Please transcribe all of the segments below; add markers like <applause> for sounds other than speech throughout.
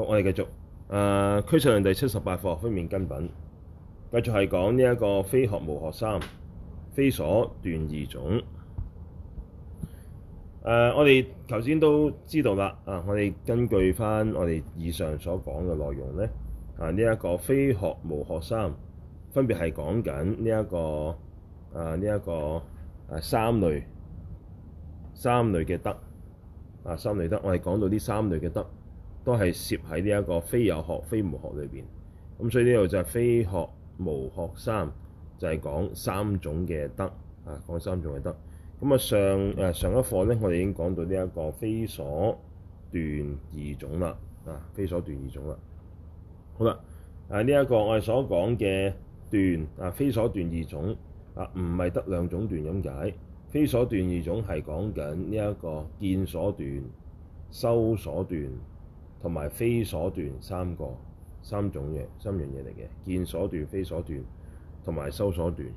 好我哋繼續，誒、呃，俱舍論第七十八課分別根品繼續係講呢一個非學無學三，非所斷二種。誒、呃，我哋頭先都知道啦，啊、呃，我哋根據翻我哋以上所講嘅內容咧，啊、呃，呢、這、一個非學無學三，分別係講緊呢一個，啊、呃，呢、這、一個，啊，三類，三類嘅得，啊，三類得，我哋講到呢三類嘅得。都係攝喺呢一個非有學非無學裏邊，咁所以呢度就係非學無學三，就係、是、講三種嘅得啊，講三種嘅得。咁啊上誒上一課咧，我哋已經講到呢一個非所斷二種啦，啊非所斷二種啦。好啦，啊呢一個我哋所講嘅斷啊，非所斷二種啊，唔係得兩種斷咁解，非所斷二種係講緊呢一個見所斷、修所斷。同埋非所斷三個、三種嘢、三樣嘢嚟嘅。見所斷、非所斷，同埋修所斷。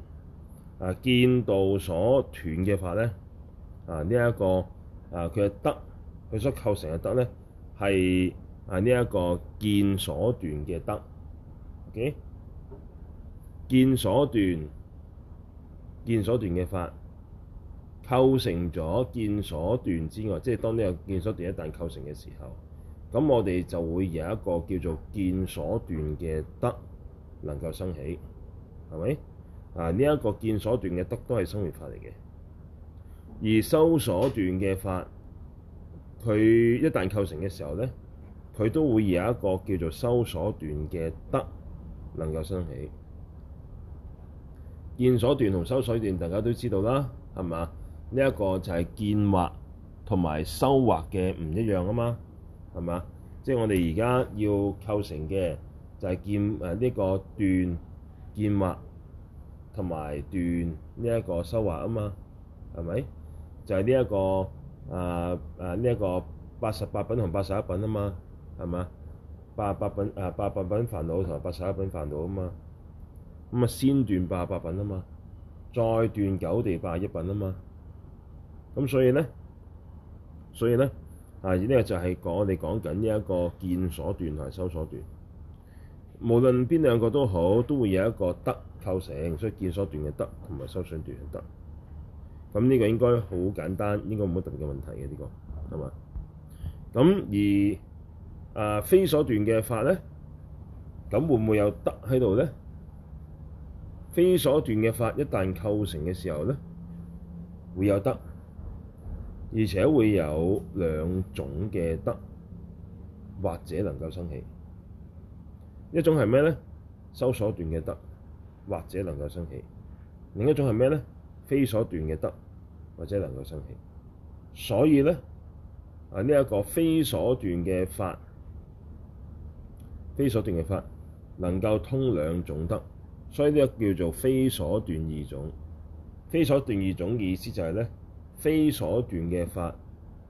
啊，見道所斷嘅法咧，啊呢一個啊，佢嘅得，佢所構成嘅得咧，係啊呢一個見所斷嘅得。Okay，見所斷、見所斷嘅法構成咗見所斷之外，即係當呢個見所斷一旦構成嘅時候。咁我哋就會有一個叫做見所斷嘅得能夠生起，係咪啊？呢、這、一個見所斷嘅得都係生滅法嚟嘅，而修所斷嘅法，佢一旦構成嘅時候呢，佢都會有一個叫做修所斷嘅得能夠生起。見所斷同修所斷，大家都知道啦，係、這個、嘛？呢一個就係見惑同埋修惑嘅唔一樣啊嘛。係嘛？即係我哋而家要構成嘅就係見，誒呢個斷見惑同埋斷呢一個修惑啊嘛，係咪？就係呢一個啊，啊呢一個八十八品同八十一品，品啊嘛，係嘛？八十八品，誒八八品煩惱同八十一品煩惱啊嘛，咁啊先斷八十八品啊嘛，再斷九地八十一品啊嘛，咁所以咧，所以咧。啊！而呢個就係、是、講你講緊呢一個見所斷同埋修所斷，無論邊兩個都好，都會有一個得構成，所以見所斷嘅得同埋修所斷嘅得。咁呢個應該好簡單，應該冇乜特別嘅問題嘅呢個，係嘛？咁而啊、呃，非所斷嘅法咧，咁會唔會有得喺度咧？非所斷嘅法一旦構成嘅時候咧，會有得。而且會有兩種嘅得，或者能夠生起。一種係咩呢？修所斷嘅得，或者能夠生起。另一種係咩呢？非所斷嘅得，或者能夠生起。所以呢，啊呢一個非所斷嘅法，非所斷嘅法能夠通兩種得，所以呢個叫做非所斷二種。非所斷二種嘅意思就係、是、呢。非所斷嘅法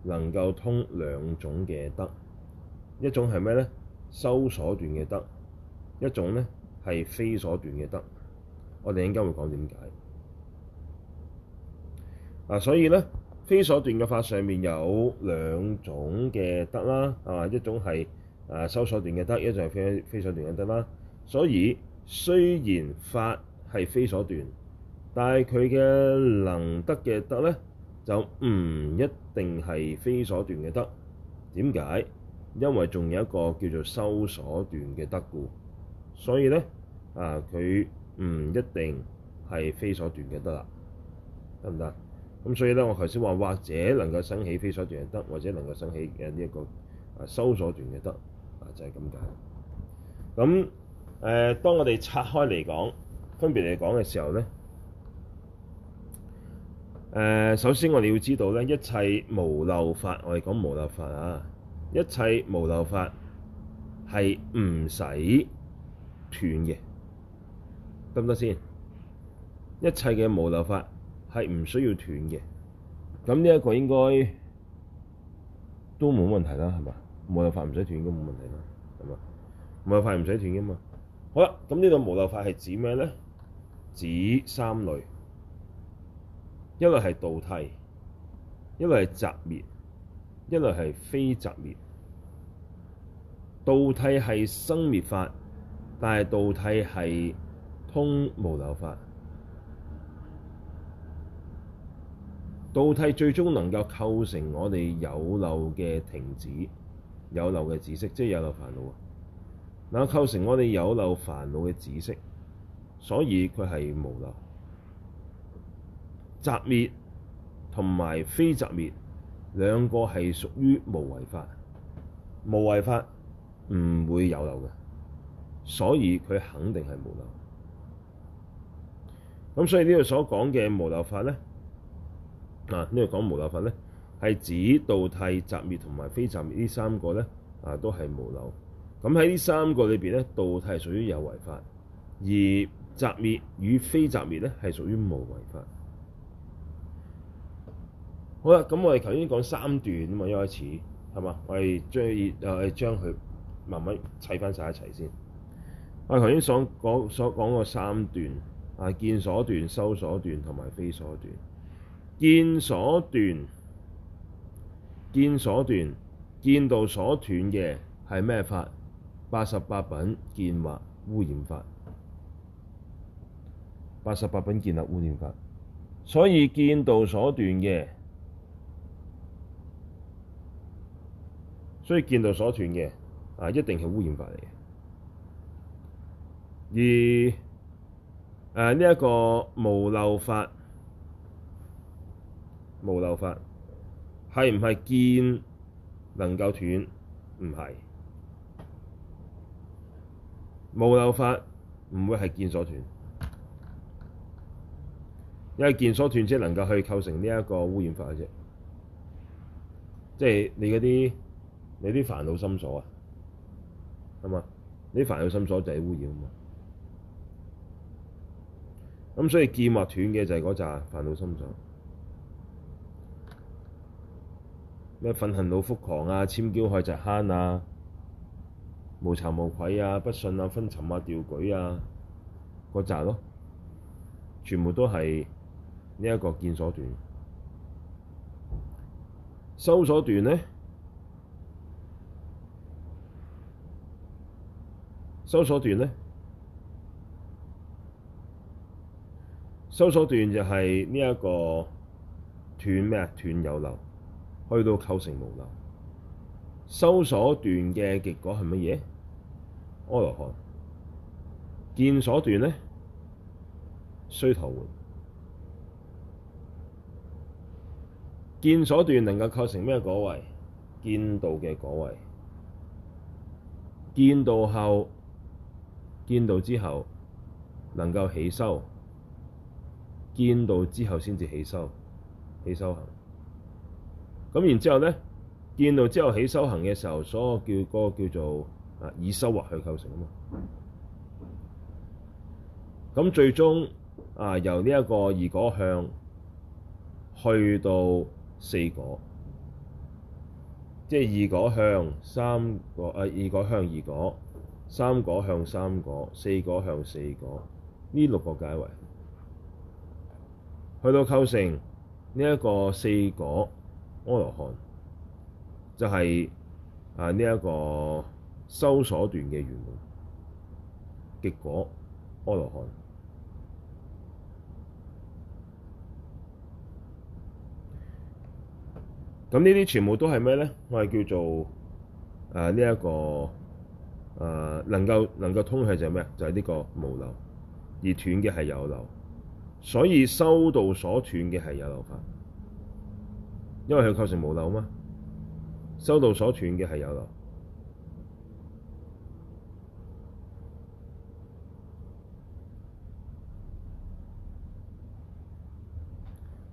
能夠通兩種嘅得，一種係咩呢？修所斷嘅得，一種呢係非所斷嘅得。我哋應該會講點解啊？所以呢，非所斷嘅法上面有兩種嘅得啦，係嘛？一種係誒修所斷嘅得，一種係非非所斷嘅得啦。所以雖然法係非所斷，但係佢嘅能得嘅得呢。就唔一定係非所斷嘅得。點解？因為仲有一個叫做修所斷嘅得故，所以咧啊，佢唔一定係非所斷嘅得啦，得唔得？咁所以咧，我頭先話，或者能夠生起非所斷嘅得，或者能夠生起嘅呢一個啊修所斷嘅得，啊，就係咁解。咁誒、呃，當我哋拆開嚟講，分別嚟講嘅時候咧，誒，首先我哋要知道咧，一切無漏法，我哋講無漏法啊，一切無漏法係唔使斷嘅，得唔得先？一切嘅無漏法係唔需要斷嘅，咁呢一個應該都冇問題啦，係咪？無漏法唔使斷，應該冇問題啦，係咪？無漏法唔使斷噶嘛。好啦，咁呢個無漏法係指咩咧？指三類。一個係道諦，一個係擇滅，一個係非擇滅。道諦係生滅法，但係道諦係通無漏法。道諦最終能夠構成我哋有漏嘅停止，有漏嘅知識，即係有漏煩惱。嗱，構成我哋有漏煩惱嘅知識，所以佢係無漏。擇滅同埋非擇滅兩個係屬於無為法，無為法唔會有漏嘅，所以佢肯定係無漏。咁所以所呢度所講嘅無漏法咧，啊呢度講無漏法咧，係指道諦、擇滅同埋非擇滅呢三個咧啊，都係無漏。咁喺呢三個裏邊咧，道諦屬於有為法，而擇滅與非擇滅咧係屬於無為法。好啦，咁我哋頭先講三段啊嘛，一開始係嘛？我哋將要就佢慢慢砌翻晒一齊先。我哋頭先所，所，所講所講個三段啊，見所斷、修所斷同埋非所斷。見所斷、見所斷、見道所斷嘅係咩法？八十八品見惑污染法，八十八品見惑污染法。所以見道所斷嘅。所以見道所斷嘅啊，一定係污染法嚟嘅。而誒呢一個無漏法、無漏法係唔係見能夠斷？唔係無漏法唔會係見所斷，因為見所斷先能夠去構成呢一個污染法嘅啫，即係你嗰啲。你啲煩惱心所啊，係嘛？你煩惱心所就係污染嘛。咁所以見所斷嘅就係嗰紮煩惱心所，咩忿恨惱覆誑啊、諂憍害嫉慳啊、無慚無愧啊、不信啊、昏沉啊、掉舉啊，嗰扎咯，全部都係呢一個見所斷，修所斷咧？修所斷呢？修所斷就係呢一個斷咩啊？斷有漏，去到構成無漏。修所斷嘅結果係乜嘢？阿羅漢。見所斷呢？須陀洹。見所斷能夠構成咩果位？見道嘅果位，見道後。見到之後能夠起修，見到之後先至起修，起修行。咁然之後咧，見到之後起修行嘅時候，所叫嗰個叫做啊以修惑去構成啊嘛。咁最終啊由呢一個二果向去到四果，即係二果向三個啊，二果向二果。三果向三果，四果向四果，呢六個解圍，去到構成呢一個四果阿羅漢，就係啊呢一個修所斷嘅圓滿結果阿羅漢。咁呢啲全部都係咩咧？我係叫做誒呢一個。呃、能夠能夠通氣就係咩？就係、是、呢、這個無漏，而斷嘅係有漏，所以修道所斷嘅係有漏法，因為佢構成無漏嘛。修道所斷嘅係有漏，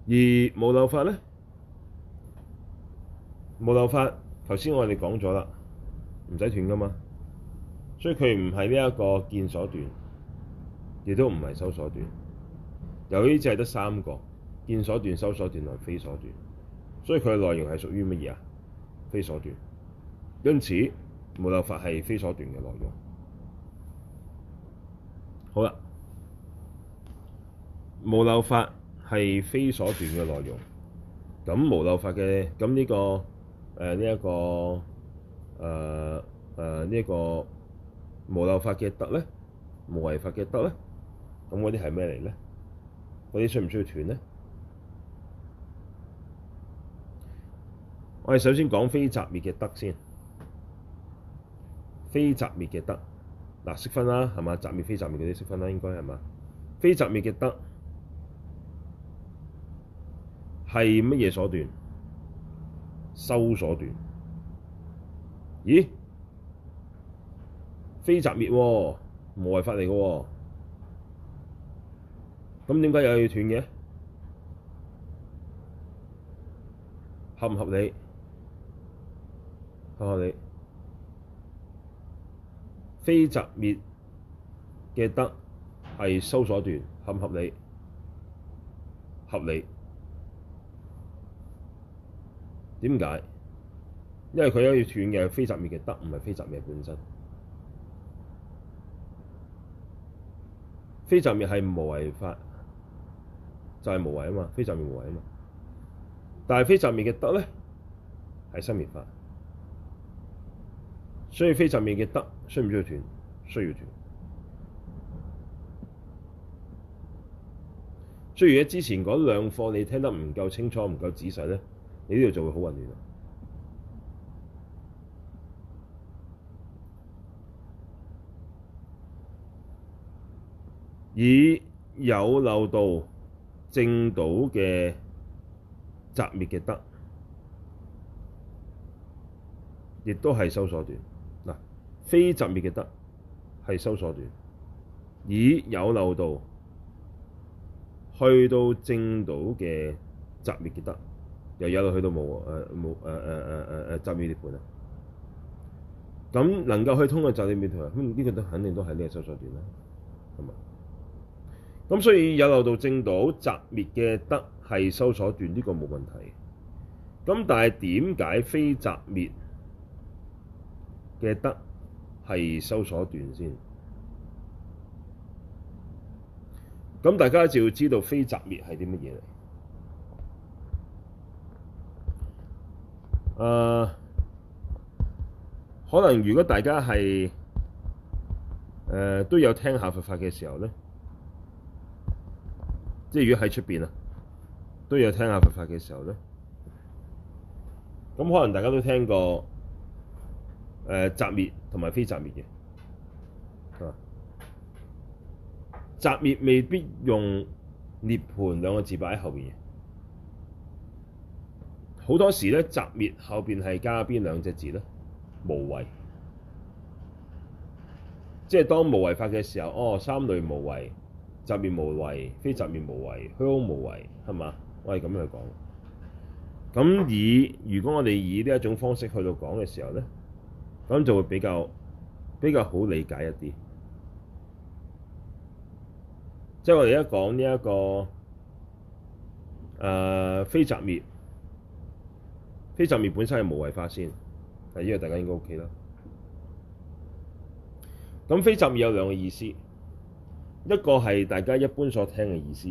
而無漏法咧，無漏法頭先我哋講咗啦，唔使斷㗎嘛。所以佢唔係呢一個見所斷，亦都唔係修所斷。由於只係得三個：見所斷、修所斷同非所斷。所以佢嘅內容係屬於乜嘢啊？非所斷。因此，無漏法係非所斷嘅內容。好啦，無漏法係非所斷嘅內容。咁無漏法嘅，咁呢個，誒，呢一個誒誒呢一個。呃這個呃呃這個無漏法嘅得咧，無為法嘅得咧，咁嗰啲係咩嚟咧？嗰啲需唔需要斷咧？我哋首先講非擇滅嘅得先，非擇滅嘅得，嗱、啊，識分啦，係嘛？擇滅非擇滅嗰啲識分啦，應該係嘛？非擇滅嘅得係乜嘢所斷？修所斷？咦？非擇滅喎、哦，無為法嚟嘅喎，咁點解又要斷嘅？合唔合理？合唔合理？非擇滅嘅得係修所斷，合唔合理？合理。點解？因為佢要斷嘅係非擇滅嘅得，唔係非擇滅本身。非擇滅係無為法，就係、是、無為啊嘛，非擇滅無為啊嘛。但係非擇滅嘅得咧，係生滅法，所以非擇滅嘅得需唔需要斷？需要斷。所以如果之前嗰兩課你聽得唔夠清楚、唔夠仔細咧，你呢度就會好混亂。以有漏道證到嘅擇滅嘅德，亦都係修所斷。嗱，非擇滅嘅德係修所斷。以有漏道去到證到嘅擇滅嘅德，又有落去到冇誒無誒誒誒誒誒擇滅涅槃啊。咁、呃呃呃呃呃呃、能夠去通過擇滅涅槃，咁、這、呢個都肯定都係呢個修所斷，啦，係嘛？咁所以有漏道證到擇滅嘅得係修所斷，呢個冇問題，咁但係點解非擇滅嘅得係修所斷先？咁大家就要知道非擇滅係啲乜嘢嚟？誒、呃，可能如果大家係誒、呃、都有聽下佛法嘅時候咧。即係如果喺出邊啊，都有聽下佛法嘅時候咧，咁可能大家都聽過誒擇、呃、滅同埋非擇滅嘅，啊，擇滅未必用涅槃兩個字擺喺後邊嘅，好多時咧擇滅後邊係加邊兩隻字咧？無為，即係當無為法嘅時候，哦，三類無為。擇滅無為，非擇滅無為，虛空無為，係咪？我係咁樣去講。咁以如果我哋以呢一種方式去到講嘅時候咧，咁就會比較比較好理解一啲。即係我哋而家講呢一、這個誒、呃，非擇滅，非擇滅本身係無為化先，係呢個大家應該 OK 啦。咁非擇滅有兩個意思。一個係大家一般所聽嘅意思，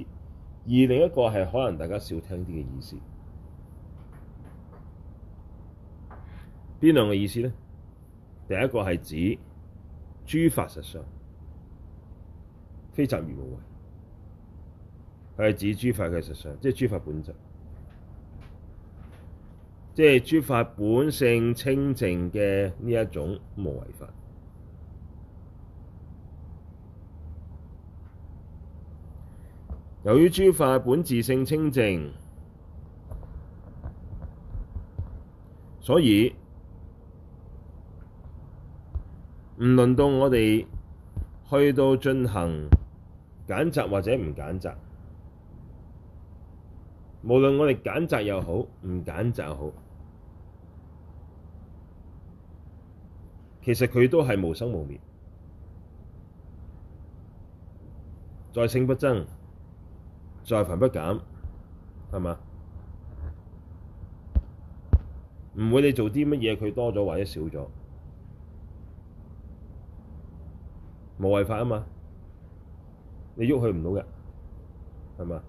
而另一個係可能大家少聽啲嘅意思。邊兩個意思咧？第一個係指諸法實相，非擇滅無為。佢係指諸法嘅實相，即係諸法本質，即係諸法本性清淨嘅呢一種無為法。由於諸法本自性清淨，所以唔輪到我哋去到進行揀擇或者唔揀擇，無論我哋揀擇又好，唔揀擇又好，其實佢都係無生無滅，在聖不增。在凡不減，係嘛？唔 <noise> 會你做啲乜嘢，佢多咗或者少咗， <noise> 無為法啊嘛！你喐佢唔到嘅，係嘛？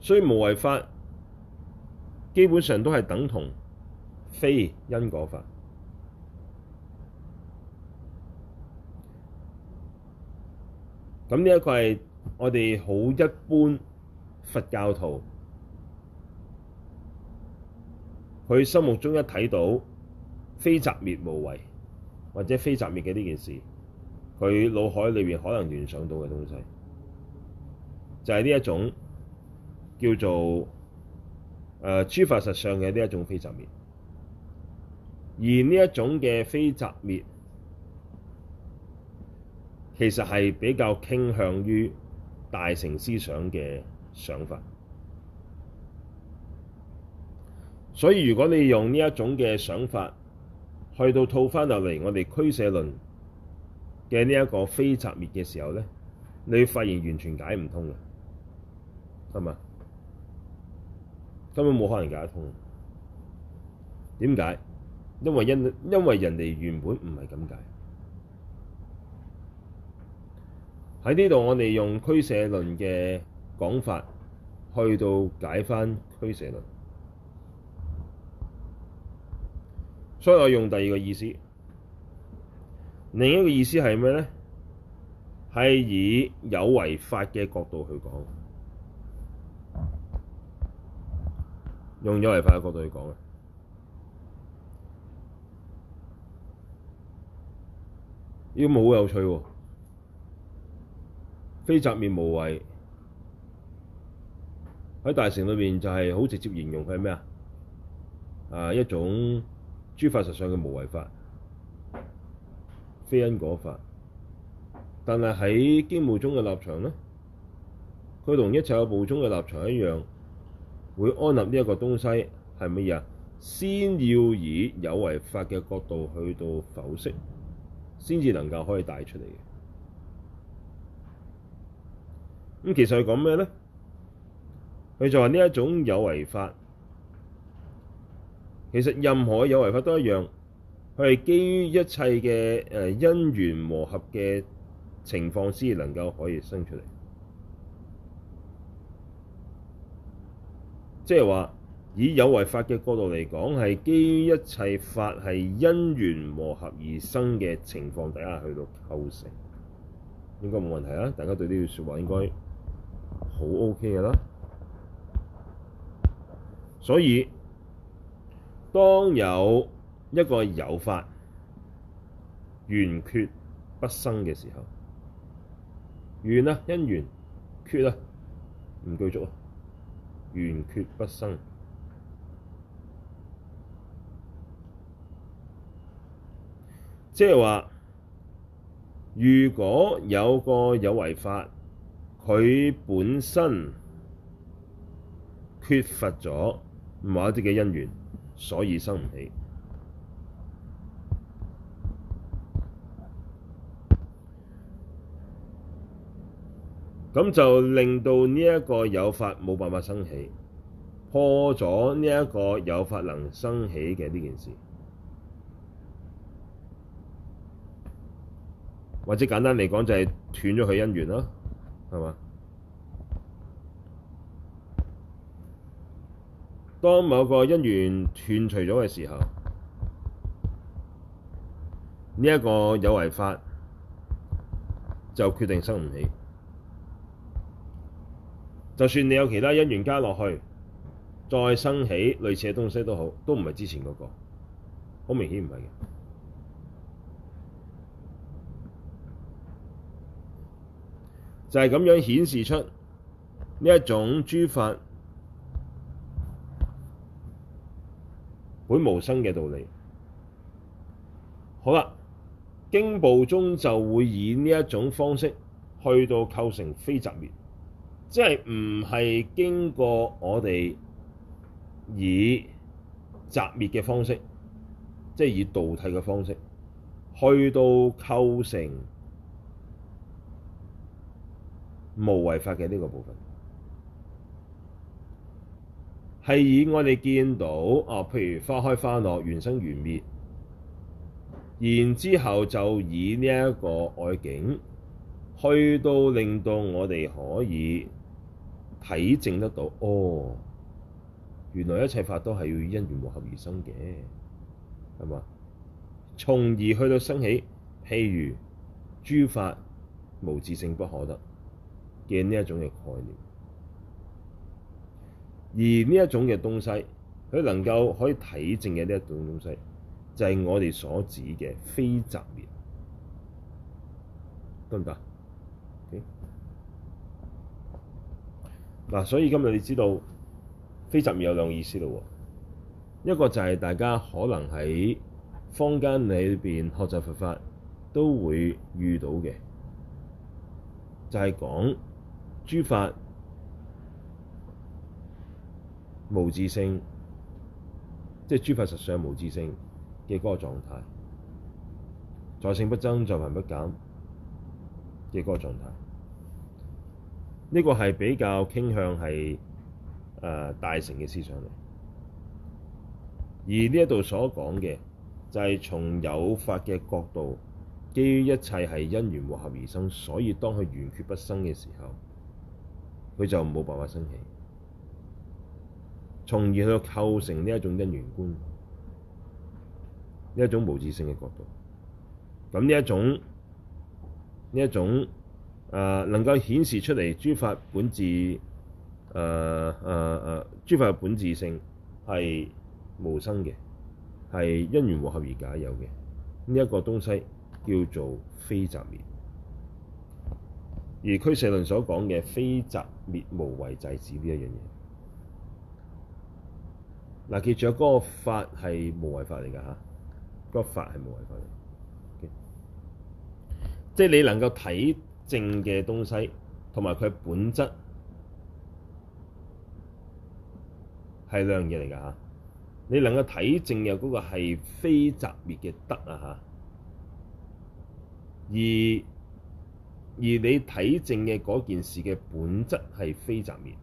所以無為法基本上都係等同非因果法。咁呢一個係我哋好一般佛教徒，佢心目中一睇到非擇滅無為或者非擇滅嘅呢件事，佢腦海裏面可能聯想到嘅東西，就係呢一種叫做誒諸法實相嘅呢一種非擇滅，而呢一種嘅非擇滅，其實係比較傾向於大乘思想嘅想法，所以如果你用呢一種嘅想法去到套翻落嚟，我哋俱舍論嘅呢一個非擇滅嘅時候咧，你會發現完全解唔通嘅，係咪？根本冇可能解得通。點解？因為因因為人哋原本唔係咁解。喺呢度我哋用俱舍論嘅講法去到解返俱舍論，所以我用第二個意思，另一個意思係咩呢？係以有爲法嘅角度去講，用有爲法嘅角度去講啊！呢個好有趣喎。非擇滅無為，喺大乘裏面，就係好直接形容佢係咩啊？啊，一種諸法實相嘅無為法，非因果法。但係喺經部宗嘅立場呢，佢同一切有部宗嘅立場一樣，會安立呢一個東西係乜嘢啊？先要以有為法嘅角度去到剖析，先至能夠可以帶出嚟。咁其實係講咩咧？佢就話呢一種有為法。其實任何有為法都一樣，佢係基於一切嘅誒、呃、因緣和合嘅情況先能夠可以生出嚟。即係話以有為法嘅角度嚟講，係基於一切法係因緣和合而生嘅情況底下去到構成，應該冇問題啦、啊。大家對呢句説話應該～好 OK 嘅啦，所以當有一個有法緣缺不生嘅時候，緣啊，因緣缺啊，唔具足啊，緣缺不生，即係話，如果有個有為法。佢本身缺乏咗某一啲嘅因緣，所以生唔起，咁就令到呢一個有法冇辦法生起，破咗呢一個有法能生起嘅呢件事，或者簡單嚟講就係斷咗佢因緣啦。係嘛？當某個因緣斷除咗嘅時候，呢、這、一個有為法就決定生唔起。就算你有其他因緣加落去，再生起類似嘅東西都好，都唔係之前嗰、那個，好明顯唔係嘅。就係咁樣顯示出呢一種諸法本無生嘅道理。好啦，經部中就會以呢一種方式去到構成非擇滅，即係唔係經過我哋以擇滅嘅方式，即係以道諦嘅方式去到構成。無為法嘅呢個部分係以我哋見到啊、哦，譬如花開花落、緣生緣滅，然之後就以呢一個外境去到令到我哋可以體證得到哦，原來一切法都係要因緣和合而生嘅，係嘛？從而去到生起，譬如諸法無自性不可得，嘅呢一種嘅概念，而呢一種嘅東西，佢能夠可以體證嘅呢一種東西，就係、是、我哋所指嘅非擇滅，得唔得？嗱、okay? 啊，所以今日你知道非擇滅有兩個意思咯，一個就係大家可能喺坊間裏邊學習佛法都會遇到嘅，就係、是、講。諸法無自性，即係諸法實相無自性嘅嗰個狀態，在聖不增，在凡不減嘅嗰個狀態。呢、這個係比較傾向係誒、呃、大乘嘅思想嚟。而呢一度所講嘅就係、是、從有法嘅角度，基於一切係因緣和合而生，所以當佢緣闕不生嘅時候。佢就冇辦法生起，從而去構成呢一種因緣觀，一種無自性嘅角度。咁呢一種呢一種啊、呃，能夠顯示出嚟、呃呃，諸法本自啊啊啊，諸法嘅本自性係無生嘅，係因緣和合而假有嘅。呢一個東西叫做非擇滅。而俱舍論所講嘅非擇滅無為制止呢一樣嘢，嗱，記住嗰個法係無為法嚟噶吓，嗰、那個法係無為法嚟嘅，okay? 即係你能夠體證嘅東西，同埋佢本質係兩樣嘢嚟噶吓，你能夠體證嘅嗰個係非擇滅嘅德啊吓，而而你睇正嘅嗰件事嘅本質係非擇滅，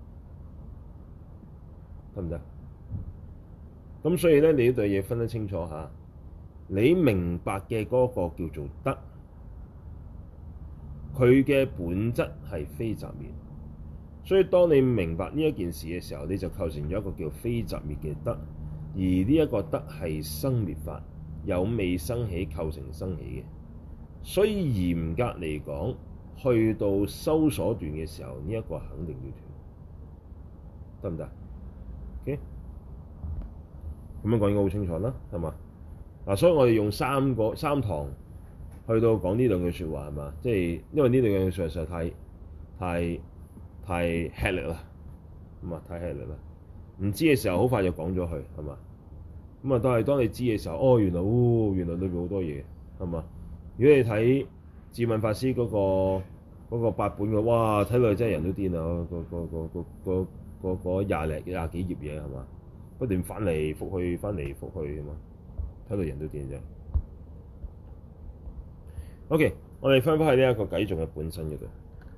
得唔得？咁所以咧，你呢對嘢分得清楚吓，你明白嘅嗰個叫做得，佢嘅本質係非擇滅。所以當你明白呢一件事嘅時候，你就構成咗一個叫非擇滅嘅得。而呢一個得係生滅法，有未生起構成生起嘅。所以嚴格嚟講，去到修所斷嘅時候，呢、這、一個肯定要斷，得唔得？OK，咁樣講應該好清楚啦，係嘛？嗱，所以我哋用三個三堂去到講呢兩句說話，係嘛？即係因為呢兩樣嘢實在太、太、太吃力啦，咁啊，太吃力啦。唔知嘅時候，好快就講咗佢，係嘛？咁啊，都係當你知嘅時候，哦，原來，嗚、哦，原來裏面好多嘢，係嘛？如果你睇。自問法師嗰個八本嘅，哇！睇落嚟真係人都癲啊！個個個個廿零廿幾頁嘢係嘛？不斷翻嚟覆去，翻嚟覆去啊嘛！睇落人都癲啫。OK，我哋翻返去呢一個偈頌嘅本身嘅度，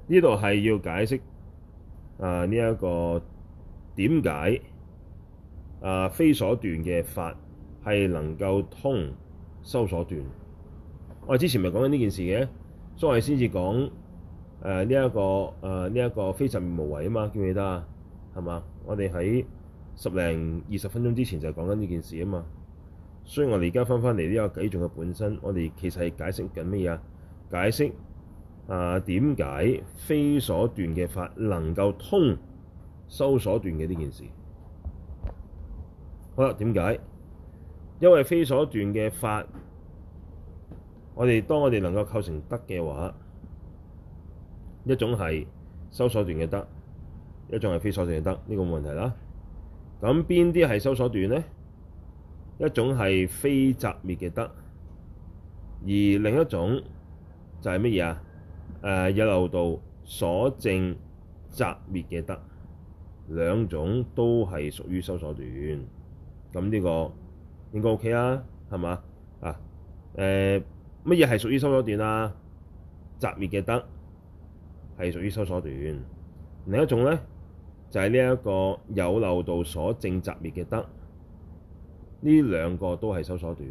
呢度係要解釋啊呢一個點解啊非所斷嘅法係能夠通修所斷。我哋之前咪講緊呢件事嘅。所以先至講誒呢一個誒呢一個非擇滅無為啊嘛，記唔記得啊？係嘛？我哋喺十零二十分鐘之前就講緊呢件事啊嘛，所以我哋而家翻翻嚟呢個偈頌嘅本身，我哋其實係解釋緊乜嘢？解釋啊點解非所斷嘅法能夠通修所斷嘅呢件事？好啦，點解？因為非所斷嘅法。我哋當我哋能夠構成得嘅話，一種係修所斷嘅得，一種係非所斷嘅得，呢、這個冇問題啦。咁邊啲係修所斷咧？一種係非擇滅嘅得，而另一種就係乜嘢啊？誒、呃，有漏道所證擇滅嘅得，兩種都係屬於修所斷。咁呢個應該 OK 啦，係嘛？啊，誒、呃。乜嘢係屬於修所斷啊？擇滅嘅得係屬於修所斷。另一種咧就係呢一個有漏道所證擇滅嘅得，呢兩個都係修所斷，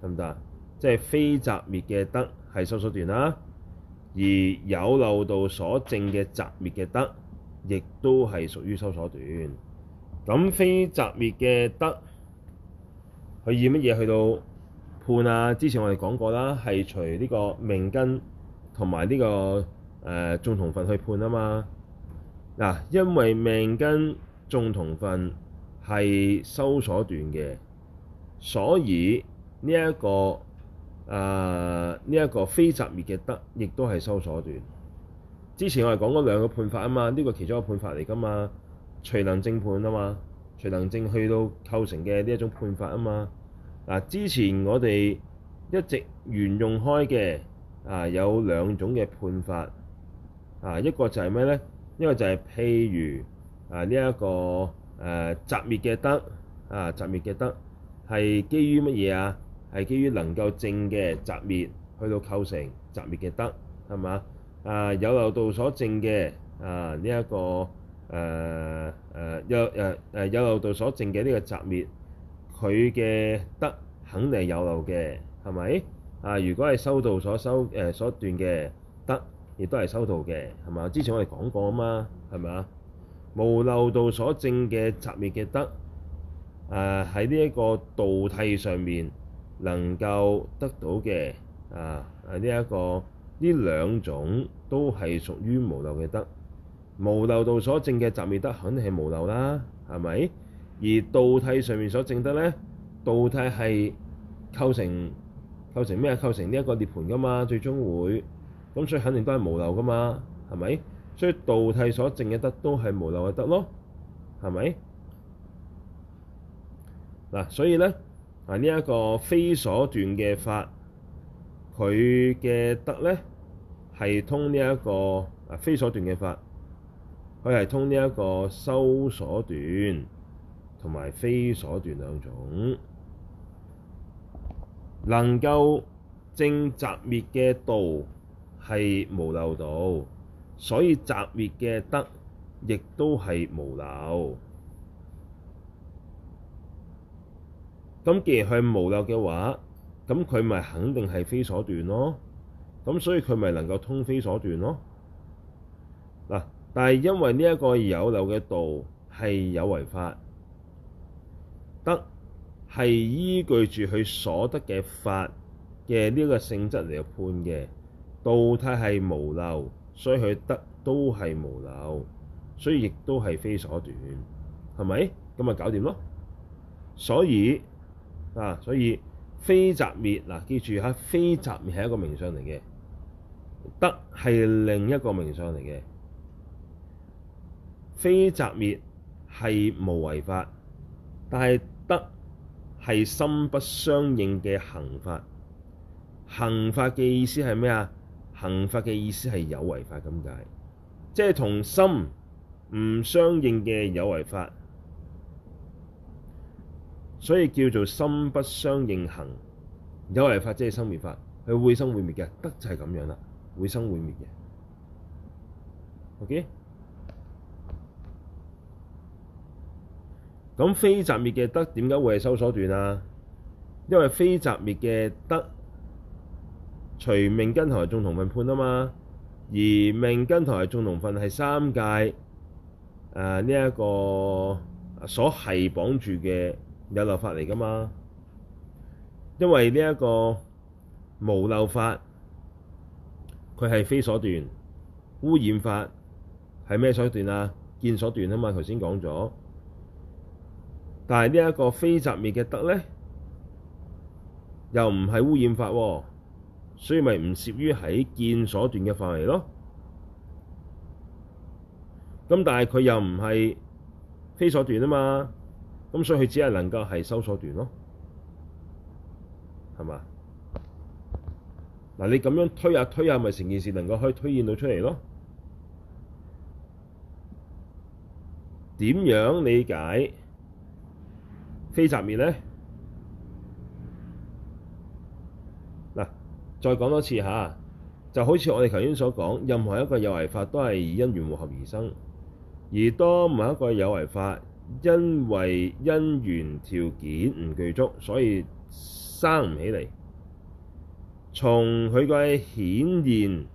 得唔得啊？即係非擇滅嘅得係修所斷啦，而有漏道所證嘅擇滅嘅得亦都係屬於修所斷。咁非擇滅嘅得佢以乜嘢去到？判啊！之前我哋講過啦，係隨呢個命根同埋呢個誒、呃、眾同分去判啊嘛。嗱、啊，因為命根眾同分係收所斷嘅，所以呢、這、一個啊呢一個非擇滅嘅得，亦都係修所斷。之前我哋講過兩個判法啊嘛，呢個其中一個判法嚟㗎嘛，隨能證判啊嘛，隨能證去到構成嘅呢一種判法啊嘛。嗱、啊，之前我哋一直沿用開嘅啊，有兩種嘅判法啊，一個就係咩咧？一個就係譬如啊呢一、這個誒擇、啊、滅嘅德啊，擇滅嘅德係基於乜嘢啊？係基於能夠證嘅擇滅去到構成擇滅嘅德係嘛？啊有漏道所證嘅啊呢一、這個誒誒、啊啊、有誒誒、啊、有漏道所證嘅呢個擇滅。佢嘅得肯定有漏嘅，係咪？啊，如果係修道所修誒、呃、所斷嘅得，亦都係修道嘅，係嘛？之前我哋講過啊嘛，係咪啊？無漏道所證嘅擇滅嘅得，誒喺呢一個道諦上面能夠得到嘅，啊，呢、啊、一、這個呢兩種都係屬於無漏嘅得。無漏道所證嘅擇滅得肯定係無漏啦，係咪？而道諦上面所證得咧，道諦係構成構成咩？構成呢一個涅槃噶嘛，最終會咁，所以肯定都係無漏噶嘛，係咪、啊？所以道諦所證嘅得都係無漏嘅得咯，係咪？嗱，所以咧啊，呢、這、一個非所斷嘅法，佢嘅得咧係通呢、這、一個啊，非所斷嘅法，佢係通呢一個修所斷。同埋非所斷兩種，能夠證擇滅嘅道係無漏道，所以擇滅嘅得亦都係無漏。咁既然佢係無漏嘅話，咁佢咪肯定係非所斷咯？咁所以佢咪能夠通非所斷咯？嗱，但係因為呢一個有漏嘅道係有為法。得係依據住佢所得嘅法嘅呢一個性質嚟判嘅，道諦係無漏，所以佢得都係無漏，所以亦都係非所斷，係咪？咁咪搞掂咯。所以啊，所以非擇滅嗱，記住嚇，非擇滅係一個名相嚟嘅，得係另一個名相嚟嘅，非擇滅係無為法，但係，得係心不相應嘅行法，行法嘅意思係咩啊？行法嘅意思係有為法咁解，即係同心唔相應嘅有為法，所以叫做心不相應行，有為法，即係生滅法，係會生會滅嘅，得就係咁樣啦，會生會滅嘅，ok。咁非擇滅嘅得點解會係修所斷啊？因為非擇滅嘅得，隨命根台眾同分判啊嘛。而命根台係眾同分係三界誒呢一個所繫綁住嘅有漏法嚟㗎嘛。因為呢一個無漏法，佢係非所斷，污染法係咩所斷啊？見所斷啊嘛，頭先講咗。但係呢一個非擇滅嘅得咧，又唔係污染法喎、哦，所以咪唔攝於喺見所斷嘅範圍咯。咁但係佢又唔係非所斷啊嘛，咁所以佢只係能夠係修所斷咯，係嘛？嗱，你咁樣推下推下，咪成件事能夠可以推現到出嚟咯？點樣理解？非擇滅呢，再講多次吓，就好似我哋頭先所講，任何一個有為法都係以因緣和合而生，而當某一個有為法因為因緣條件唔具足，所以生唔起嚟。從佢個顯現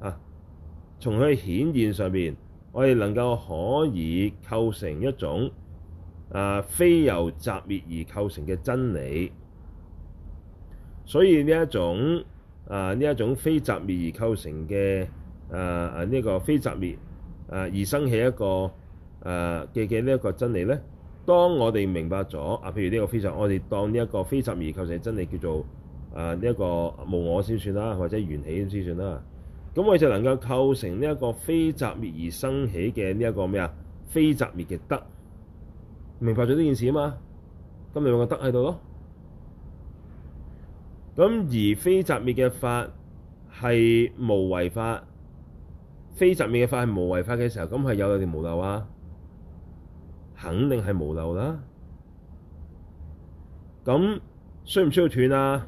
啊，從佢個顯現上面，我哋能夠可以構成一種。啊，非由擇滅而構成嘅真理，所以呢一種啊，呢一種非擇滅而構成嘅啊啊呢、這個非擇滅啊而生起一個啊嘅嘅呢一個真理咧。當我哋明白咗啊，譬如呢個非擇，我哋當呢一個非擇滅而構成嘅真理叫做啊呢一、這個無我先算啦，或者緣起先算啦，咁我哋就能夠構成呢一個非擇滅而生起嘅呢一個咩啊？非擇滅嘅得。明白咗呢件事啊嘛，咁你話得喺度咯。咁而非擇滅嘅法係無為法，非擇滅嘅法係無為法嘅時候，咁係有漏定無漏啊？肯定係無漏啦、啊。咁需唔需要斷啊？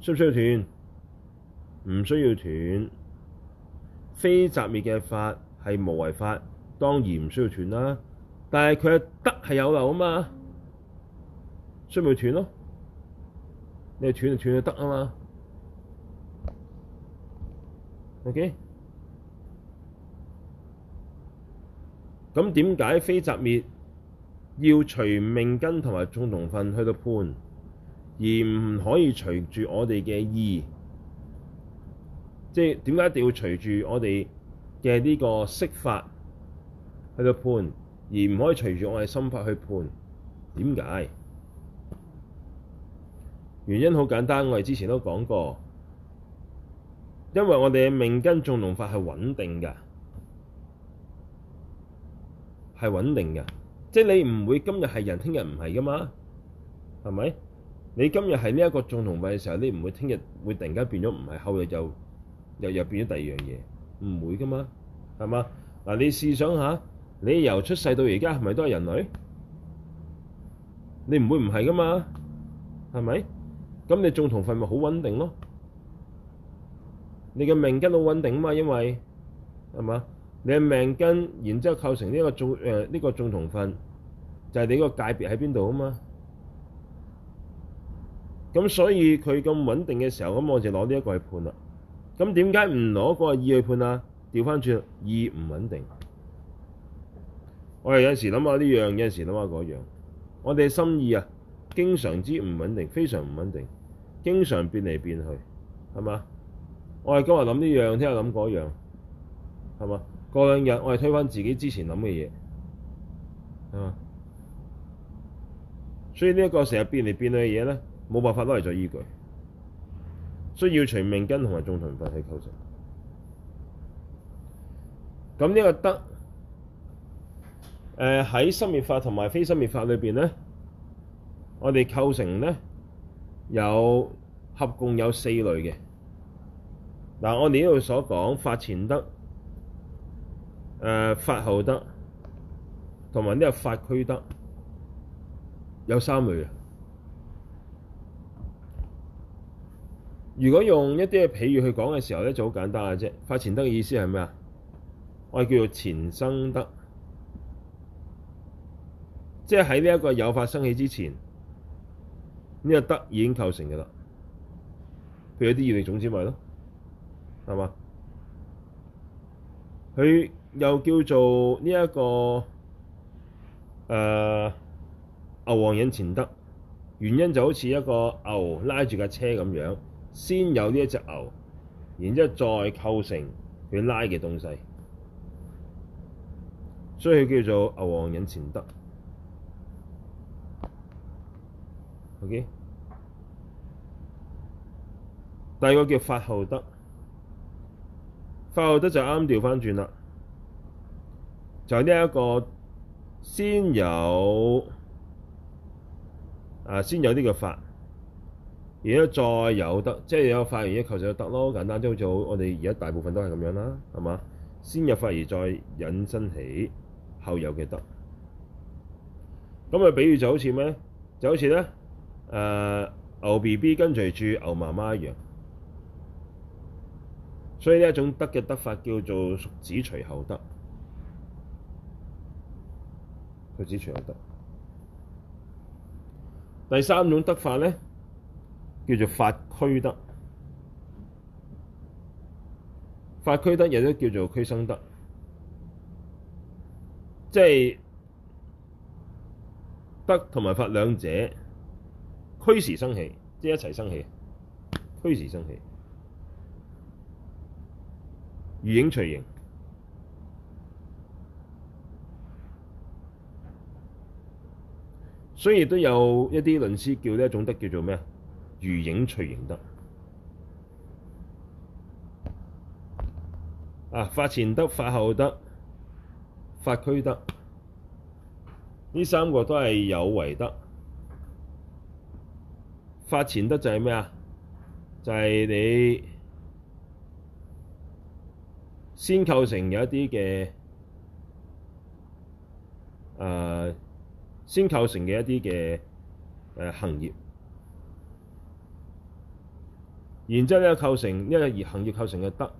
需唔需要斷？唔需要斷。非擇滅嘅法係無為法，當然唔需要斷啦、啊。但係佢得德係有漏啊嘛，所以咪斷咯。你斷就斷嘅得啊嘛。OK。咁點解非擇滅要隨命根同埋眾同分去到判，而唔可以隨住我哋嘅意？即係點解一定要隨住我哋嘅呢個識法去到判？而唔可以隨住我嘅心法去判，點解？原因好簡單，我哋之前都講過，因為我哋嘅命根眾同分係穩定嘅，係穩定嘅，即係你唔會今日係人，聽日唔係噶嘛，係咪？你今日係呢一個眾同分嘅時候，你唔會聽日會突然間變咗唔係，後日就又又變咗第二樣嘢，唔會噶嘛，係嘛？嗱，你試想下。你由出世到而家係咪都係人類？你唔會唔係噶嘛？係咪？咁你眾同分咪好穩定咯？你嘅命根好穩定啊嘛，因為係嘛？你嘅命根，然之後構成呢一個眾誒，呢個眾同分，就係你個界別喺邊度啊嘛。咁所以佢咁穩定嘅時候，咁我就攞呢一個去判啦。咁點解唔攞個意去判啊？掉返轉意唔穩定。我哋有時諗下呢樣，有時諗下嗰樣。我哋心意啊，經常之唔穩定，非常唔穩定，經常變嚟變去，係嘛？我哋今日諗呢樣，聽日諗嗰樣，係嘛？過兩日我哋推翻自己之前諗嘅嘢，係嘛？所以呢一個成日變嚟變去嘅嘢咧，冇辦法攞嚟做依據，需要隨命根同埋眾同分去構成。咁呢個得。誒喺、呃、生滅法同埋非生滅法裏邊咧，我哋構成咧有合共有四類嘅。嗱、呃，我哋呢度所講法前得、誒、呃、法後得同埋呢個法俱得，有三類嘅。如果用一啲嘅比喻去講嘅時候咧，就好簡單嘅啫。法前得嘅意思係咩啊？我哋叫做前生得，即係喺呢一個有發生起之前，呢、這個得已經構成嘅啦。譬如啲二類總之咪咯，係嘛？佢又叫做呢、這、一個誒、呃、牛王引前得，原因就好似一個牛拉住架車咁樣，先有呢一隻牛，然之後再構成佢拉嘅東西，所以佢叫做牛王引前得。O、okay. K，第二個叫法後得，法後得就啱調翻轉啦。就係呢一個先有啊，先有呢個法，然後再有得，即係有法而求實就得咯。簡單啲，即好似我哋而家大部分都係咁樣啦，係嘛？先有法而再引申起後有嘅得。咁啊，比如就好似咩？就好似咧。Uh, 牛 B B 跟隨住牛媽媽一樣，所以呢一種得嘅得法叫做犢子隨後得，犢子隨後得。第三種得法咧，叫做法俱得，法俱得亦都叫做俱生得，即係得同埋法兩者俱時生起，即係一齊生起。俱時生起，如影隨形。所以亦都有一啲論師叫呢一種得叫做咩？如影隨形得。啊，法前得、法後得、法俱得，呢三個都係有為得。法前得就係咩啊？就係、是，你先構成有一啲嘅誒，先構成嘅一啲嘅誒行業，然之後咧構成一，呢個業行業構成嘅得，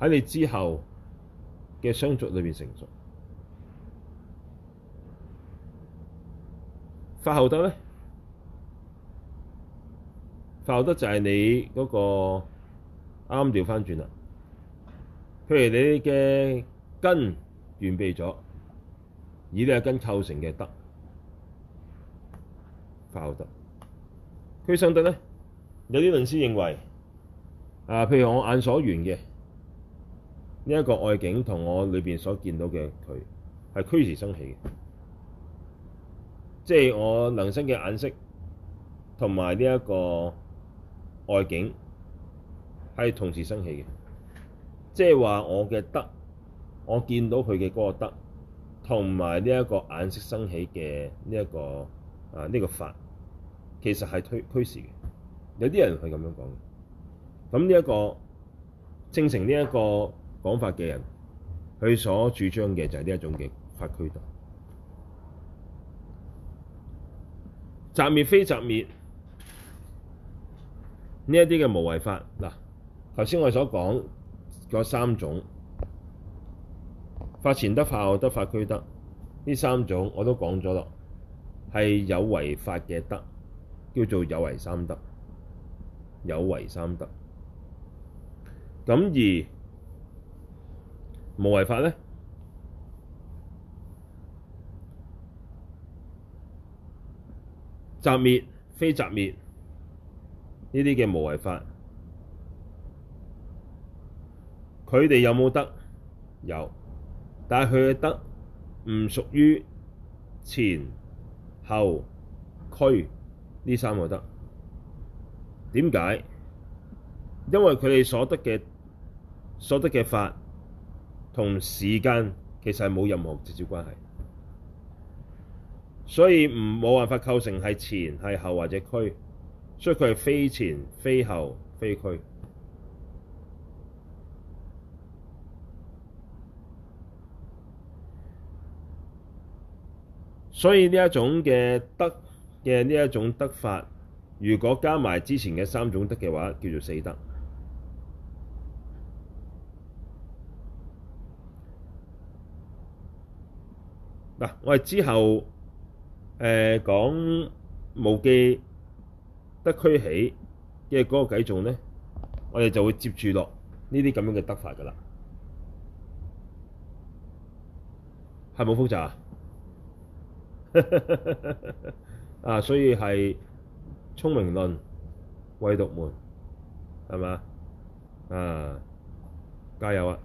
喺你之後嘅相續裏面成熟。法後得呢？法後得就係你嗰、那個啱調翻轉啦。譬如你嘅根完備咗，以呢個根構成嘅得，法後得。俱生得咧，有啲論師認為，啊，譬如我眼所緣嘅呢一個外境同我裏邊所見到嘅佢，係俱時生起嘅。即係我能生嘅眼識，同埋呢一個外境係同時升起嘅，即係話我嘅得，我見到佢嘅嗰個得，同埋呢一個眼識生起嘅呢一個啊呢、呢個法，其實係俱俱時嘅。有啲人係咁樣講嘅。咁呢一個正承呢一個講法嘅人，佢所主張嘅就係呢一種嘅法俱得。擇滅非擇滅，呢一啲嘅無為法嗱，頭先我所講嗰三種，法前得、法後得、法俱得呢三種，我都講咗咯，係有為法嘅得，叫做有為三得，有為三得，咁而無為法咧。擇滅非擇滅呢啲嘅無為法，佢哋有冇得？有，有，但係佢嘅得唔屬於前、後、俱呢三個得。點解？因為佢哋所得嘅所得嘅法，同時間其實係冇任何直接關係。所以唔冇辦法構成係前係後或者俱，所以佢係非前非後非俱，所以呢一種嘅得嘅呢一種得法，如果加埋之前嘅三種得嘅話，叫做四得。嗱，我哋之後。誒、呃、講無記得俱起，即係嗰個計數咧，我哋就會接住落呢啲咁樣嘅得法噶啦，係冇複雜啊！ <laughs> 啊，所以係聰明論慧讀門，係嘛啊？加油啊！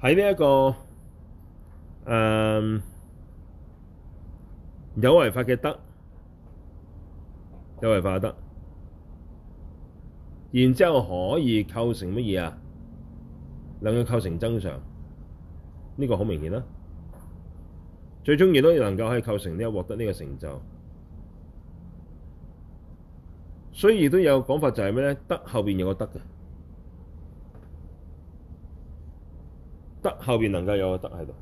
喺呢一個。誒，um, 有為法嘅得，有為法嘅得，然之後可以構成乜嘢啊？能夠構成增上，呢、這個好明顯啦、啊。最終亦都能夠可以構成呢，獲得呢個成就。所以亦都有講法，就係咩呢？得後面有個得，得後面能夠有個得喺度。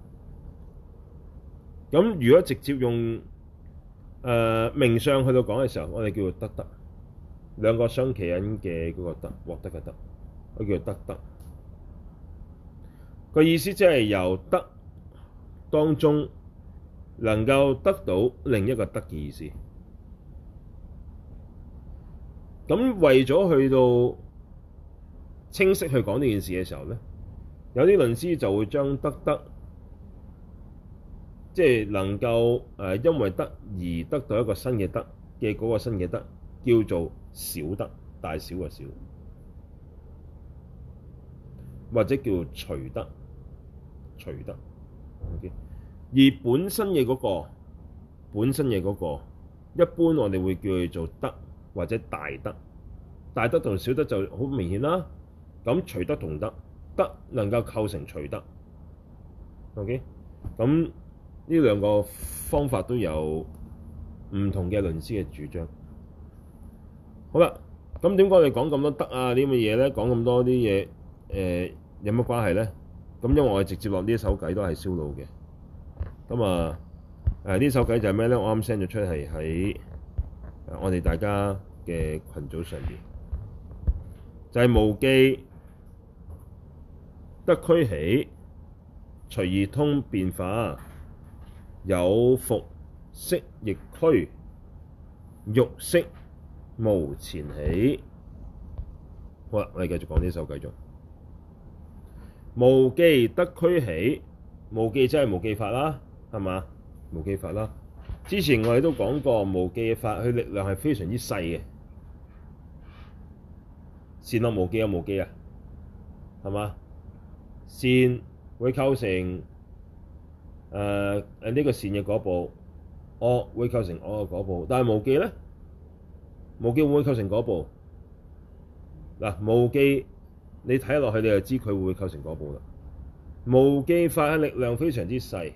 咁如果直接用誒、呃、名相去到講嘅時候，我哋叫做得得，兩個雙企人嘅嗰個得，獲得嘅得，我叫做得得。個意思即係由得當中能夠得到另一個得嘅意思。咁為咗去到清晰去講呢件事嘅時候咧，有啲論師就會將得得。即係能夠誒，因為得而得到一個新嘅得嘅嗰個新嘅得叫做小得，大小嘅小，或者叫除得除得。O.K. 而本身嘅嗰個本身嘅嗰個一般，我哋會叫佢做得或者大得。大得同小得就好明顯啦。咁除得同得得能夠構成除得。O.K. 咁。呢兩個方法都有唔同嘅論師嘅主張。好啦、啊，咁點解我哋講咁多得啊、呃、呢啲嘅嘢咧？講咁多啲嘢，誒有乜關係咧？咁因為我哋直接落、啊、呢一手計都係燒腦嘅。咁啊誒呢手計就係咩咧？我啱 send 咗出係喺我哋大家嘅群組上面，濟、就係、無記得俱起，除二通變化。有覆色亦俱，欲色無前起。好啦，我哋繼續講呢首。繼續。無記得俱起，無記真係無記法啦，係嘛？無記法啦。之前我哋都講過無記法，佢力量係非常之細嘅。善有無記有無記啊？係嘛？善會構成。誒誒，呢個善嘅嗰部，惡會構成我嘅嗰部，但係無記咧，無記會唔會構成嗰部？嗱，無記你睇落去，你就知佢會構成嗰部啦。無記法力量非常之細，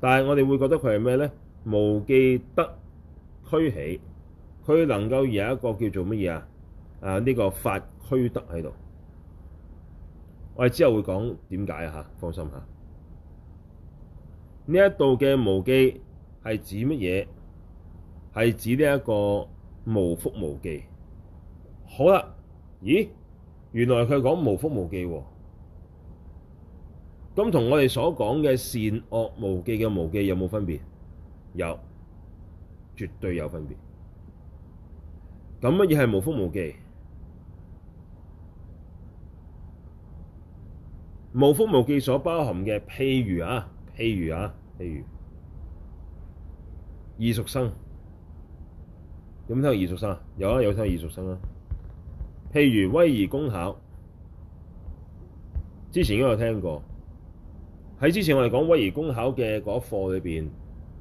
但係我哋會覺得佢係咩咧？無記得俱起，佢能夠有一個叫做乜嘢啊？啊、這、呢個法俱得喺度。我哋之後會講點解啊吓，放心吓。呢一度嘅無記係指乜嘢？係指呢一個無覆無記。好啦，咦？原來佢講無覆無記喎，咁同我哋所講嘅善惡無記嘅無記有冇分別？有，絕對有分別。咁乜嘢係無覆無記？無覆無記所包含嘅，譬如啊，譬如啊，譬如異熟生，有冇聽過異熟生啊？有啊，有聽異熟生啊。譬如威儀工巧，之前應該有聽過。喺之前我哋講威儀工巧嘅嗰課裏邊，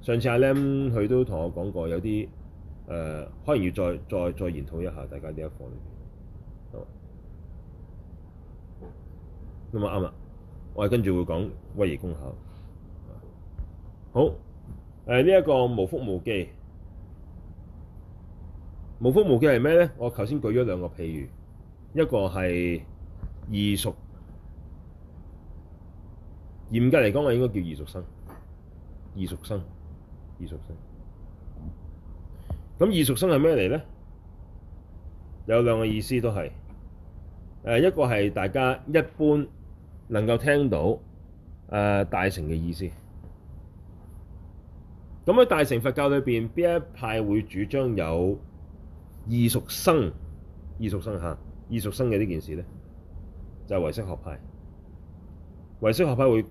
上次阿 Lam 佢都同我講過，有啲誒、呃，可能要再再再研討一下，大家呢一課裏邊，咁啊啱啊。我哋跟住會講威儀功巧。好，誒呢一個無覆無記，無覆無記係咩咧？我頭先舉咗兩個譬如，一個係異熟，嚴格嚟講，我應該叫異熟生，異熟生，異熟生。咁異熟生係咩嚟咧？有兩個意思都係，誒、呃、一個係大家一般。能夠聽到誒，大成嘅意思，咁喺大成佛教裏邊，邊一派會主張有異熟生、異熟生下、異熟生嘅呢件事呢，就係、唯識學派，唯識學派會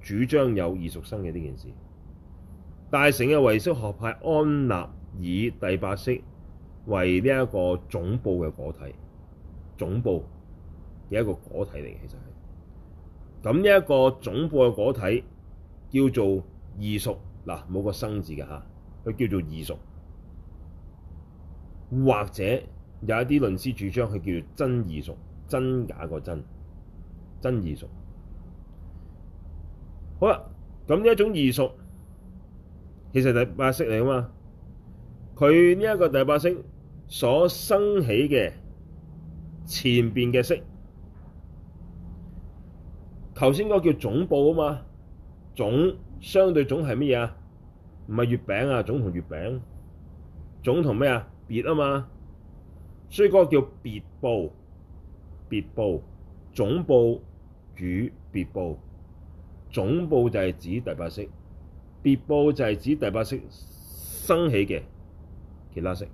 主張有異熟生嘅呢件事。大成嘅唯識學派安立以第八識，為呢一個總報嘅果體，總報嘅一個果體嚟，其實係。咁呢一個總報嘅果體叫做異熟。嗱，冇個生字嘅嚇，佢叫做異熟，或者有一啲論師主張佢叫做真異熟，真假個真，真異熟。好啦，咁呢一種異熟其實第八識嚟啊嘛，佢呢一個第八識所生起嘅前邊嘅識。頭先嗰個叫總報啊嘛，總，相對總係乜嘢啊？唔係月餅啊，總同月餅，總同咩啊？別啊嘛，所以嗰個叫別報，別報，總報與別報，總報就係指第八識，別報就係指第八識生起嘅其他識。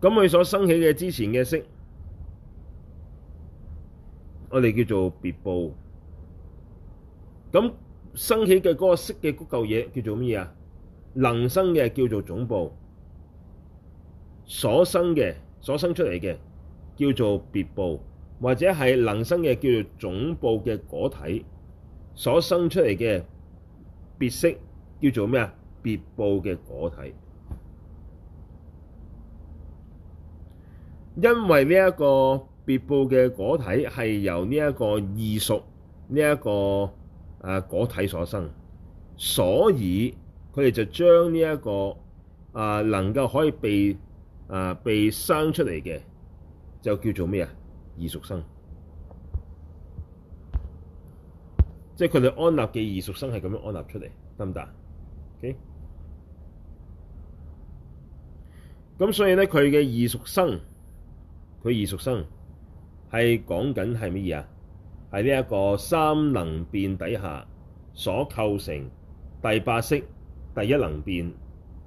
咁佢所生起嘅之前嘅識。我哋叫做別報，咁生起嘅嗰個色嘅嗰嚿嘢叫做咩啊？能生嘅叫做總報，所生嘅所生出嚟嘅叫做別報，或者係能生嘅叫做總報嘅果體所生出嚟嘅別色叫做咩啊？別報嘅果體，因為呢一個。別報嘅果體係由呢一個異熟呢一個誒果體所生，所以佢哋就將呢一個啊能夠可以被啊、呃、被生出嚟嘅就叫做咩啊異熟生，即係佢哋安立嘅異熟生係咁樣安立出嚟，得唔得？OK 咁所以咧，佢嘅異熟生，佢異熟生。係講緊係乜嘢啊？係呢一個三能變底下所構成第八識、第一能變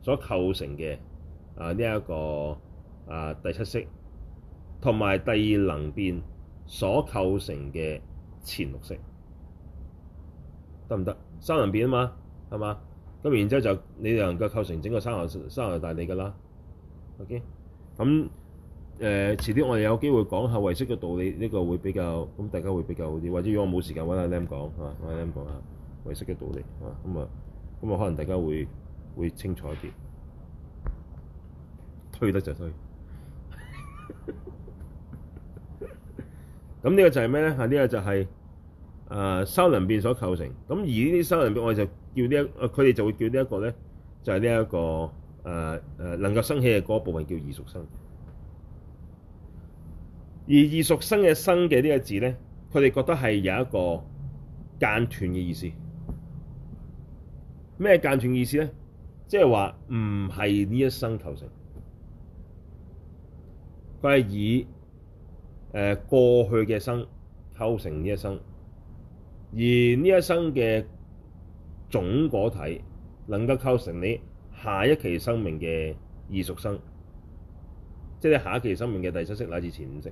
所構成嘅啊呢一個啊第七識，同埋第二能變所構成嘅前六識。得唔得？三能變啊嘛，係嘛？咁然之後就你能夠構成整個山河山河大地噶啦。OK，咁、嗯。誒、呃、遲啲，我哋有機會講下唯識嘅道理，呢個會比較咁，大家會比較好啲。或者如果我冇時間，揾下 l a m 講嚇，阿 l a m 講下唯識嘅道理嚇，咁啊，咁 <music> 啊、嗯嗯嗯，可能大家會會清楚啲。推得就推。咁 <laughs> 呢 <laughs> 個就係咩咧？啊，呢個就係啊，修能變所構成。咁而呢啲收能變，我哋就叫呢一啊，佢哋就會叫呢一個咧，就係呢一個啊啊，能夠生起嘅嗰部分叫異熟生。而異熟生嘅生嘅呢個字咧，佢哋覺得係有一個間斷嘅意思。咩間斷意思咧？即係話唔係呢一生構成，佢係以誒、呃、過去嘅生構成呢一生，而呢一生嘅總果體能夠構成你下一期生命嘅異熟生，即係下一期生命嘅第七識，乃至前五識。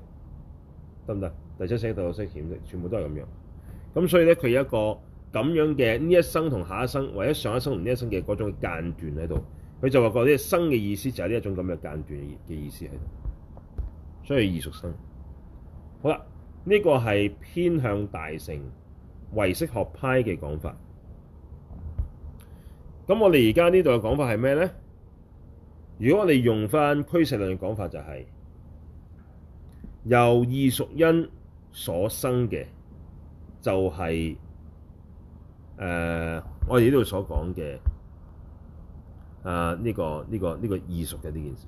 得唔得？第七生、第六生、前生，全部都係咁樣。咁所以咧，佢有一個咁樣嘅呢一生同下一生，或者上一生同呢一生嘅嗰種間斷喺度。佢就話，嗰啲生嘅意思就係呢一種咁嘅間斷嘅意思喺度。所以異熟生。好啦，呢個係偏向大乘唯識學派嘅講法。咁我哋而家呢度嘅講法係咩咧？如果我哋用翻俱舍論嘅講法，就是，就係。由異熟因所生嘅，就係、是、誒、呃，我哋呢度所講嘅誒，呢、呃這個呢、這個呢、這個異熟嘅呢件事。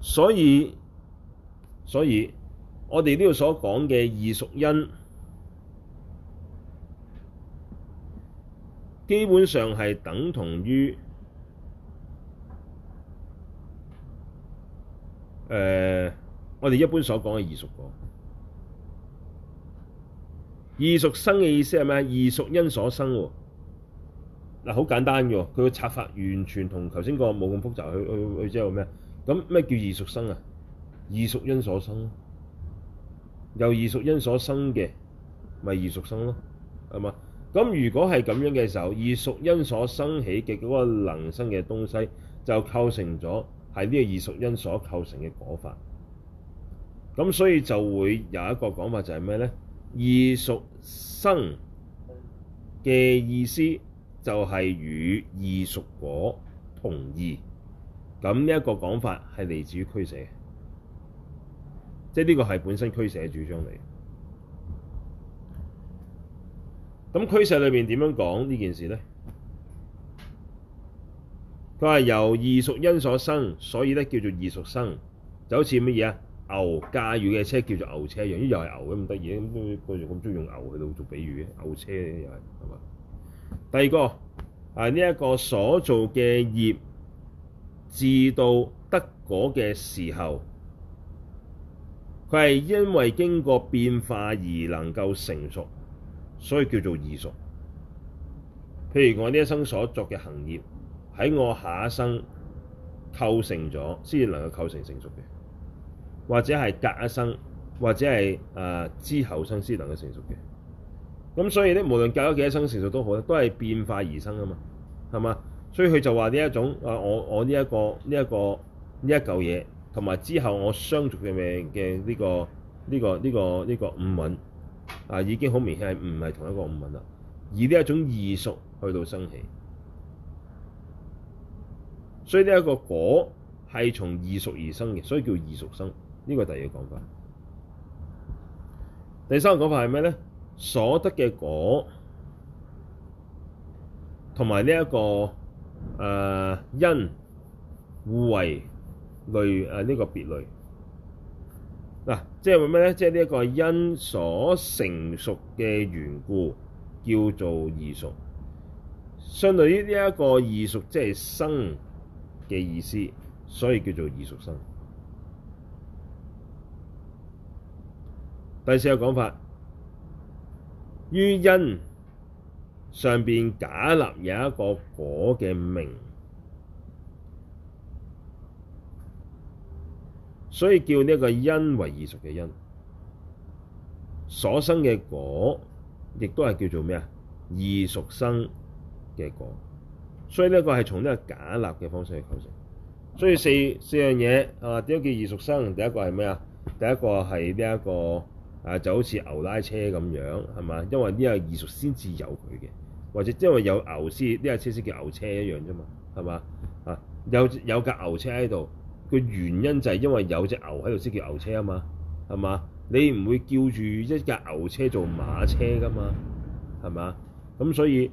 所以，所以我哋呢度所講嘅異熟因，基本上係等同於。誒，uh, 我哋一般所講嘅異熟果，異熟生嘅意思係咩？異熟因所生喎，哦，嗱好簡單嘅喎，佢個拆法完全同頭先個冇咁複雜去，佢佢佢即係咩？咁咩叫異熟生啊？異熟因所生，啊，由異熟因所生嘅，咪異熟生咯，啊，係嘛？咁如果係咁樣嘅時候，異熟因所生起嘅嗰、那個能生嘅東西，就構成咗。係呢個異熟因所構成嘅果法，咁所以就會有一個講法就係咩呢？異熟生嘅意思就係與異熟果同義，咁呢一個講法係嚟自於俱舍，即係呢個係本身俱舍嘅主張嚟。咁俱舍裏面點樣講呢件事呢？佢話由異熟因所生，所以咧叫做異熟生，就好似乜嘢啊？牛駕馭嘅車叫做牛車，由於又係牛咁，得意咁，佢又咁中意用牛去度做比喻嘅牛車又係係嘛？第二個啊，呢、這、一個所做嘅業至到得果嘅時候，佢係因為經過變化而能夠成熟，所以叫做異熟。譬如我呢一生所作嘅行業。喺我下一生構成咗先至能夠構成成熟嘅，或者係隔一生，或者係誒、呃、之後生先能夠成熟嘅。咁所以咧，無論隔咗幾多生成熟都好，都係變化而生啊嘛，係嘛？所以佢就話呢一種誒、啊，我我呢、這、一個呢一、這個呢一嚿嘢，同、這、埋、個這個、之後我相續嘅命嘅呢個呢、這個呢、這個呢、這個五韻、這個這個、啊，已經好明顯係唔係同一個五韻啦？而呢一種異熟去到生起。所以呢一個果係從異熟而生嘅，所以叫異熟生。呢、這個第二個講法。第三個講法係咩咧？所得嘅果同埋呢一個誒、呃、因互為類誒呢、啊這個別類嗱、啊，即係為咩咧？即係呢一個因所成熟嘅緣故叫做異熟，相對於呢一個異熟，即係生。嘅意思，所以叫做異熟生。第四個講法，於因上邊假立有一個果嘅名，所以叫呢個因為異熟嘅因，所生嘅果，亦都係叫做咩啊？異熟生嘅果。所以呢一個係從呢個假立嘅方式去構成，所以四四樣嘢啊，點解叫異熟生？第一個係咩啊？第一個係呢一個啊，就好似牛拉車咁樣係嘛？因為呢個異熟先至有佢嘅，或者因為有牛先呢架車先叫牛車一樣啫嘛，係嘛啊？有有架牛車喺度，個原因就係因為有隻牛喺度先叫牛車啊嘛，係嘛？你唔會叫住一架牛車做馬車㗎嘛，係嘛？咁所以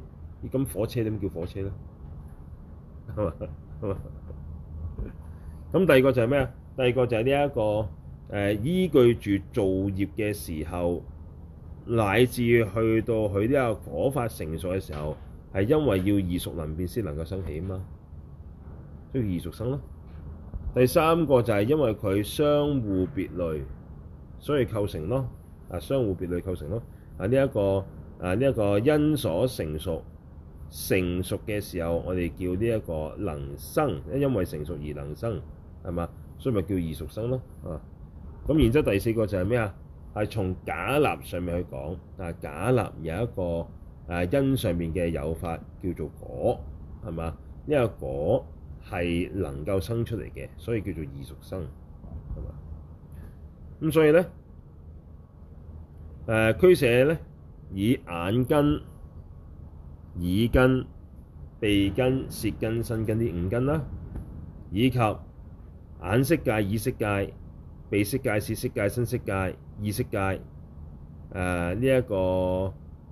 咁火車點叫火車咧？咁 <laughs> 第二個就係咩啊？第二個就係呢一個誒、呃，依據住造業嘅時候，乃至去到佢呢個果法成熟嘅時候，係因為要異熟能變先能夠生起啊嘛，所以異熟生咯。第三個就係因為佢相互別類，所以構成咯，啊相互別類構成咯，啊呢一、這個啊呢一、這個因所成熟。成熟嘅時候，我哋叫呢一個能生，因為成熟而能生，係嘛？所以咪叫異熟生咯。啊，咁然之後第四個就係咩啊？係從假立上面去講，啊，假立有一個誒、啊、因上面嘅有法叫做果，係嘛？呢、這個果係能夠生出嚟嘅，所以叫做異熟生，係嘛？咁所以咧，誒、啊，俱舍咧以眼根，耳根、鼻根、舌根、身根呢五根啦，以及眼識界、耳識界、鼻識界、舌識界、身識界、意識界，誒呢一個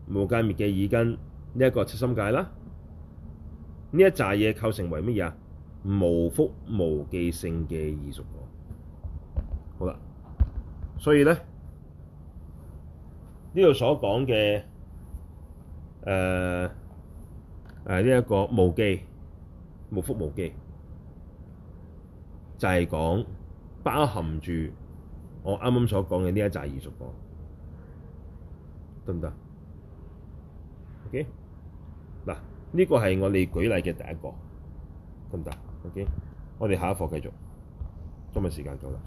無間滅嘅意根，呢、這、一個七心界啦，呢一紮嘢構成為乜嘢啊？無覆無記性嘅異熟果，好啦，所以咧呢度所講嘅誒。呃誒呢一個無記無覆無記，就係、是、講包含住我啱啱所講嘅呢一紮異熟果，得唔得？OK，嗱呢、這個係我哋舉例嘅第一個，得唔得？OK，我哋下一課繼續，今日時間夠啦。